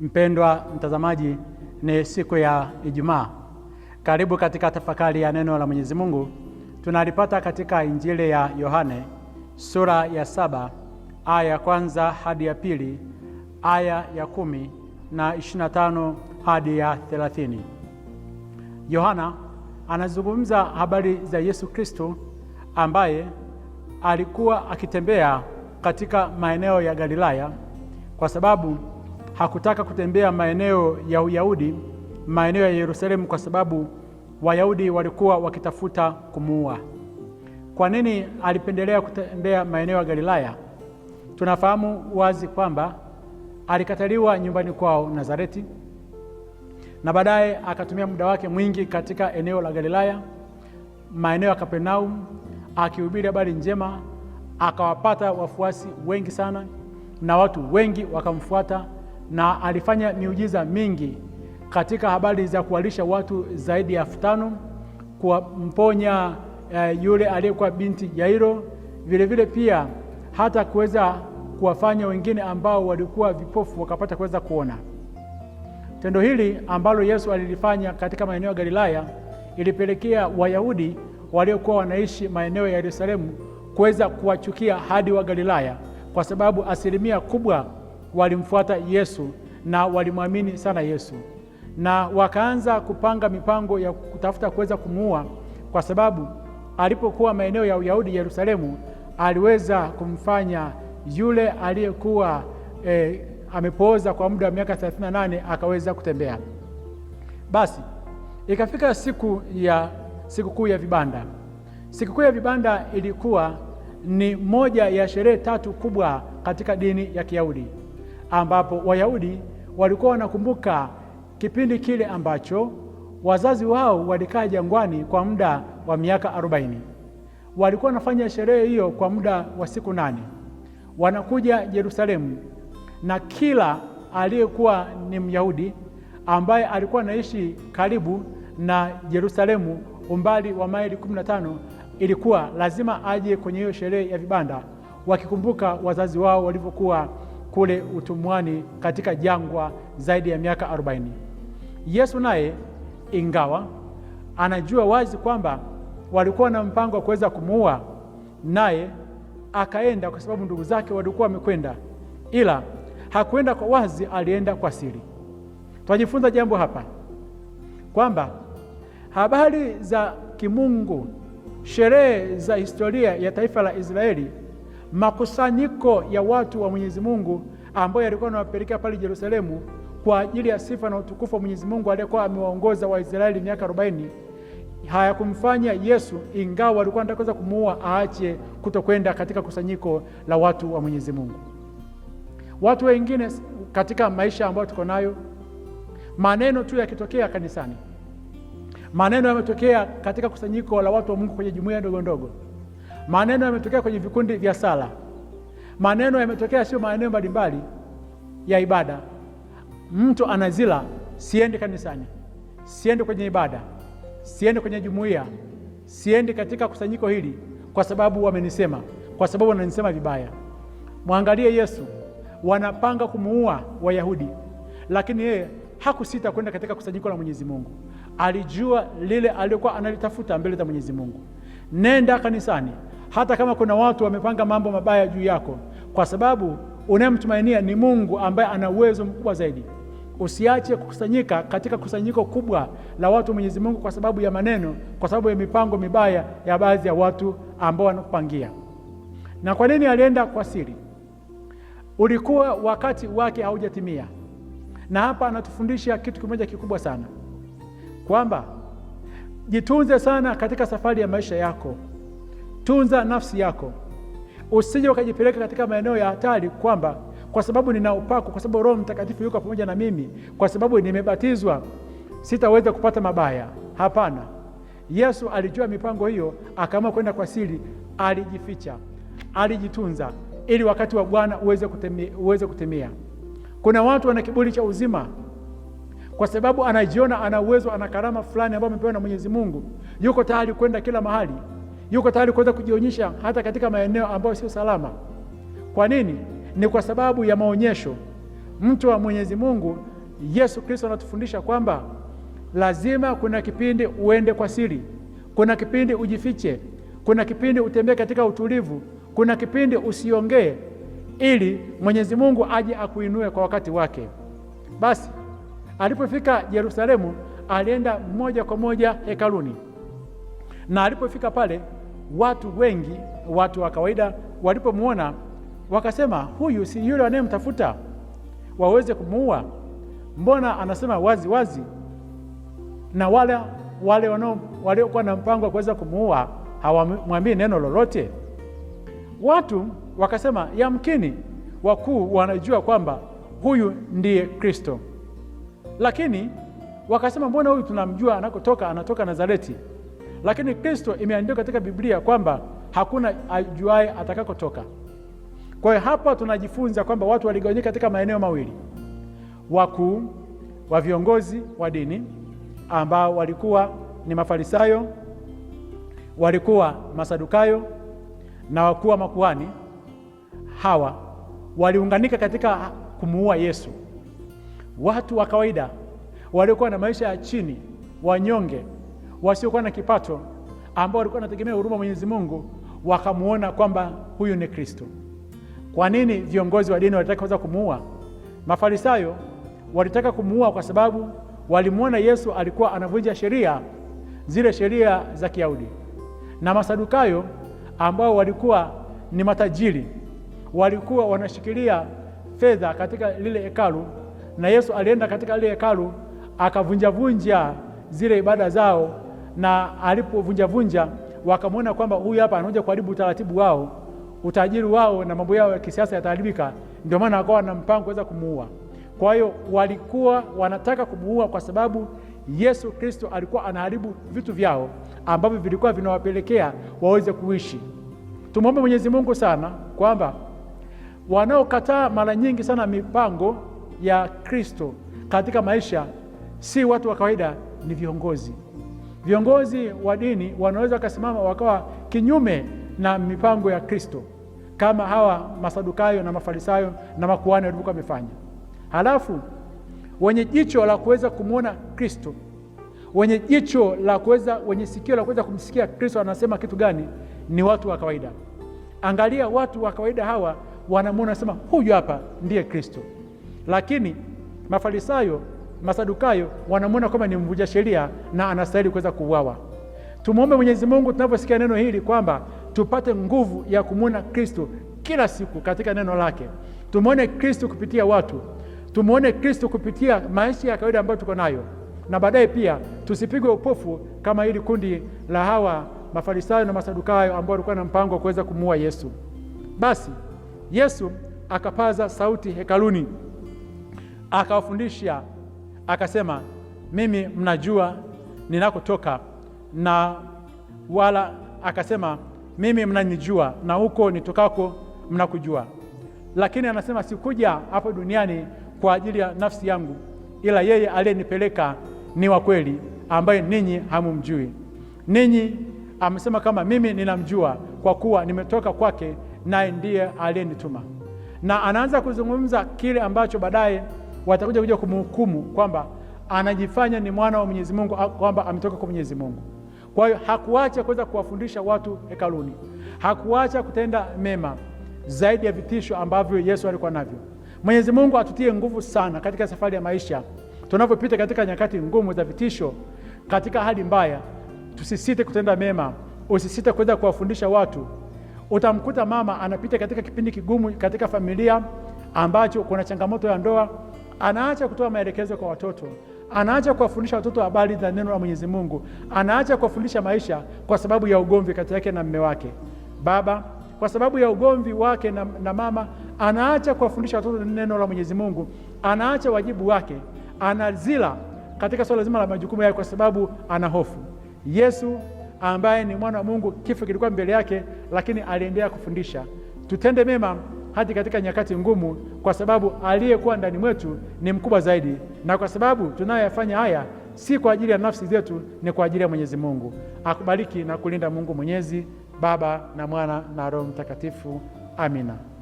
Mpendwa mtazamaji, ni siku ya Ijumaa. Karibu katika tafakari ya neno la Mwenyezi Mungu. Tunalipata katika Injili ya Yohane sura ya saba aya ya kwanza hadi ya pili, aya ya kumi na ishirini na tano hadi ya thelathini. Yohana anazungumza habari za Yesu Kristo ambaye alikuwa akitembea katika maeneo ya Galilaya kwa sababu hakutaka kutembea maeneo ya Uyahudi, maeneo ya Yerusalemu, kwa sababu Wayahudi walikuwa wakitafuta kumuua. Kwa nini alipendelea kutembea maeneo ya Galilaya? Tunafahamu wazi kwamba alikataliwa nyumbani kwao Nazareti, na baadaye akatumia muda wake mwingi katika eneo la Galilaya, maeneo ya Kapernaum, akihubiri habari njema, akawapata wafuasi wengi sana na watu wengi wakamfuata na alifanya miujiza mingi katika habari za kuwalisha watu zaidi ya elfu tano kuwamponya uh, eh, yule aliyekuwa binti Yairo, vilevile pia hata kuweza kuwafanya wengine ambao walikuwa vipofu wakapata kuweza kuona. Tendo hili ambalo Yesu alilifanya katika maeneo ya Galilaya ilipelekea Wayahudi waliokuwa wanaishi maeneo ya Yerusalemu kuweza kuwachukia hadi wa Galilaya kwa sababu asilimia kubwa walimfuata Yesu na walimwamini sana Yesu, na wakaanza kupanga mipango ya kutafuta kuweza kumuua, kwa sababu alipokuwa maeneo ya Uyahudi Yerusalemu, aliweza kumfanya yule aliyekuwa eh, amepooza kwa muda wa miaka 38 akaweza kutembea. Basi ikafika siku ya sikukuu ya vibanda. Sikukuu ya vibanda ilikuwa ni moja ya sherehe tatu kubwa katika dini ya Kiyahudi ambapo Wayahudi walikuwa wanakumbuka kipindi kile ambacho wazazi wao walikaa jangwani kwa muda wa miaka arobaini. Walikuwa wanafanya sherehe hiyo kwa muda wa siku nane. Wanakuja Yerusalemu, na kila aliyekuwa ni Myahudi ambaye alikuwa anaishi karibu na Yerusalemu, umbali wa maili kumi na tano, ilikuwa lazima aje kwenye hiyo sherehe ya vibanda, wakikumbuka wazazi wao walivyokuwa kule utumwani katika jangwa zaidi ya miaka arobaini. Yesu naye ingawa anajua wazi kwamba walikuwa na mpango wa kuweza kumuua, naye akaenda kwa sababu ndugu zake walikuwa wamekwenda, ila hakuenda kwa wazi, alienda kwa siri. twajifunza jambo hapa kwamba habari za kimungu, sherehe za historia ya taifa la Israeli makusanyiko ya watu wa Mwenyezi Mungu ambayo yalikuwa anawapelekea pale Yerusalemu kwa ajili ya sifa na utukufu wa Mwenyezi Mungu aliyekuwa amewaongoza Waisraeli miaka arobaini hayakumfanya Yesu, ingawa alikuwa anataka kumuua, aache kutokwenda katika kusanyiko la watu wa Mwenyezi Mungu. Watu wengine katika maisha ambayo tuko nayo, maneno tu yakitokea kanisani, maneno yametokea katika kusanyiko la watu wa Mungu kwenye jumuiya ndogo ndogo Maneno yametokea kwenye vikundi vya sala, maneno yametokea sio maeneo mbalimbali ya ibada. Mtu anazila siendi kanisani, siendi kwenye ibada, siendi kwenye jumuiya, siendi katika kusanyiko hili kwa sababu wamenisema, kwa sababu wananisema vibaya. Mwangalie Yesu, wanapanga kumuua Wayahudi, lakini yeye hakusita kwenda katika kusanyiko la Mwenyezi Mungu. Alijua lile aliyokuwa analitafuta mbele za Mwenyezi Mungu. Nenda kanisani, hata kama kuna watu wamepanga mambo mabaya juu yako, kwa sababu unayemtumainia ni Mungu ambaye ana uwezo mkubwa zaidi. Usiache kukusanyika katika kusanyiko kubwa la watu Mwenyezi Mungu kwa sababu ya maneno, kwa sababu ya mipango mibaya ya baadhi ya watu ambao wanakupangia. Na kwa nini alienda kwa siri? Ulikuwa wakati wake haujatimia. Na hapa anatufundisha kitu kimoja kikubwa sana, kwamba jitunze sana katika safari ya maisha yako tunza nafsi yako, usije ukajipeleka katika maeneo ya hatari, kwamba kwa sababu nina upako, kwa sababu Roho Mtakatifu yuko pamoja na mimi, kwa sababu nimebatizwa, sitaweza kupata mabaya. Hapana, Yesu alijua mipango hiyo, akaamua kwenda kwa siri, alijificha, alijitunza ili wakati wa Bwana uweze kutimia, uweze kutimia. Kuna watu wana kiburi cha uzima kwa sababu anajiona ana uwezo, ana karama fulani ambayo amepewa na Mwenyezi Mungu, yuko tayari kwenda kila mahali yuko tayari kuweza kujionyesha hata katika maeneo ambayo sio salama. Kwa nini? Ni kwa sababu ya maonyesho. Mtu wa Mwenyezi Mungu Yesu Kristo anatufundisha kwamba lazima kuna kipindi uende kwa siri, kuna kipindi ujifiche, kuna kipindi utembee katika utulivu, kuna kipindi usiongee, ili Mwenyezi Mungu aje akuinue kwa wakati wake. Basi alipofika Yerusalemu, alienda moja kwa moja hekaluni. Na alipofika pale, watu wengi, watu wa kawaida walipomwona wakasema, huyu si yule wanayemtafuta waweze kumuua, mbona anasema wazi wazi? Na wale wale waliokuwa na mpango wa kuweza kumuua hawamwambii neno lolote. Watu wakasema, yamkini wakuu wanajua kwamba huyu ndiye Kristo, lakini wakasema, mbona huyu tunamjua anakotoka, anatoka Nazareti. Lakini Kristo imeandikwa katika Biblia kwamba hakuna ajuaye atakakotoka. Kwa hiyo hapa tunajifunza kwamba watu waligawanyika katika maeneo mawili, wakuu wa viongozi wa dini ambao walikuwa ni Mafarisayo, walikuwa Masadukayo na wakuu wa makuhani. Hawa waliunganika katika kumuua Yesu. Watu wa kawaida waliokuwa na maisha ya chini, wanyonge wasiokuwa na kipato ambao walikuwa wanategemea huruma Mwenyezi Mungu wakamwona kwamba huyu ni Kristo. Kwa nini viongozi wa dini walitaka kuweza kumuua? Mafarisayo walitaka kumuua kwa sababu walimwona Yesu alikuwa anavunja sheria zile sheria za Kiyahudi, na Masadukayo ambao walikuwa ni matajiri walikuwa wanashikilia fedha katika lile hekalu, na Yesu alienda katika lile hekalu akavunjavunja zile ibada zao na alipovunjavunja wakamwona kwamba huyu hapa anakuja kuharibu utaratibu wao, utajiri wao na mambo yao ya kisiasa yataharibika. Ndio maana wakawa na mpango weza kumuua. Kwa hiyo walikuwa wanataka kumuua kwa sababu Yesu Kristo alikuwa anaharibu vitu vyao ambavyo vilikuwa vinawapelekea waweze kuishi. Tumwombe Mwenyezi Mungu sana kwamba wanaokataa mara nyingi sana mipango ya Kristo katika maisha si watu wa kawaida, ni viongozi. Viongozi wa dini wanaweza wakasimama wakawa kinyume na mipango ya Kristo, kama hawa Masadukayo na Mafarisayo na makuhani walivyokuwa wamefanya. Halafu wenye jicho la kuweza kumwona Kristo, wenye jicho la kuweza, wenye sikio la kuweza kumsikia Kristo anasema kitu gani, ni watu wa kawaida. Angalia watu wa kawaida hawa wanamwona, wanasema huyu hapa ndiye Kristo, lakini Mafarisayo Masadukayo wanamwona kwamba ni mvuja sheria na anastahili kuweza kuuawa. Tumwombe Mwenyezi Mungu tunavyosikia neno hili kwamba tupate nguvu ya kumwona Kristo kila siku katika neno lake. Tumwone Kristo kupitia watu, tumwone Kristo kupitia maisha ya kawaida ambayo tuko nayo, na baadaye pia tusipigwe upofu kama hili kundi la hawa Mafarisayo na Masadukayo ambao walikuwa na mpango wa kuweza kumuua Yesu. Basi Yesu akapaza sauti hekaluni, akawafundisha akasema, mimi mnajua ninakotoka na wala, akasema, mimi mnanijua na huko nitokako mnakujua, lakini anasema sikuja hapo duniani kwa ajili ya nafsi yangu, ila yeye aliyenipeleka ni wa kweli, ambaye ninyi hamumjui. Ninyi amesema kama mimi ninamjua, kwa kuwa nimetoka kwake, naye ndiye aliyenituma. Na anaanza kuzungumza kile ambacho baadaye watakuja kuja kumhukumu kwamba anajifanya ni mwana wa Mwenyezi Mungu, kwamba ametoka kwa Mwenyezi Mungu. Kwa hiyo hakuacha kuweza kuwafundisha watu hekaluni, hakuacha kutenda mema zaidi ya vitisho ambavyo Yesu alikuwa navyo. Mwenyezi Mungu atutie nguvu sana katika safari ya maisha, tunavyopita katika nyakati ngumu za vitisho, katika hali mbaya, tusisite kutenda mema, usisite kuweza kuwafundisha watu. Utamkuta mama anapita katika kipindi kigumu katika familia ambacho kuna changamoto ya ndoa anaacha kutoa maelekezo kwa watoto, anaacha kuwafundisha watoto habari za neno la Mwenyezi Mungu, anaacha kuwafundisha maisha kwa sababu ya ugomvi kati yake na mme wake baba, kwa sababu ya ugomvi wake na, na mama, anaacha kuwafundisha watoto neno la Mwenyezi Mungu, anaacha wajibu wake, anazila katika swala zima la majukumu yake kwa sababu ana hofu. Yesu ambaye ni mwana wa Mungu, kifo kilikuwa mbele yake, lakini aliendelea kufundisha tutende mema hata katika nyakati ngumu, kwa sababu aliyekuwa ndani mwetu ni mkubwa zaidi, na kwa sababu tunayoyafanya haya si kwa ajili ya nafsi zetu, ni kwa ajili ya Mwenyezi Mungu. Akubariki na kulinda Mungu Mwenyezi, Baba na Mwana na Roho Mtakatifu. Amina.